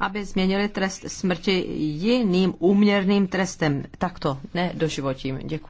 aby změnili trest smrti jiným úměrným trestem. Takto, ne doživotím. Děkuji.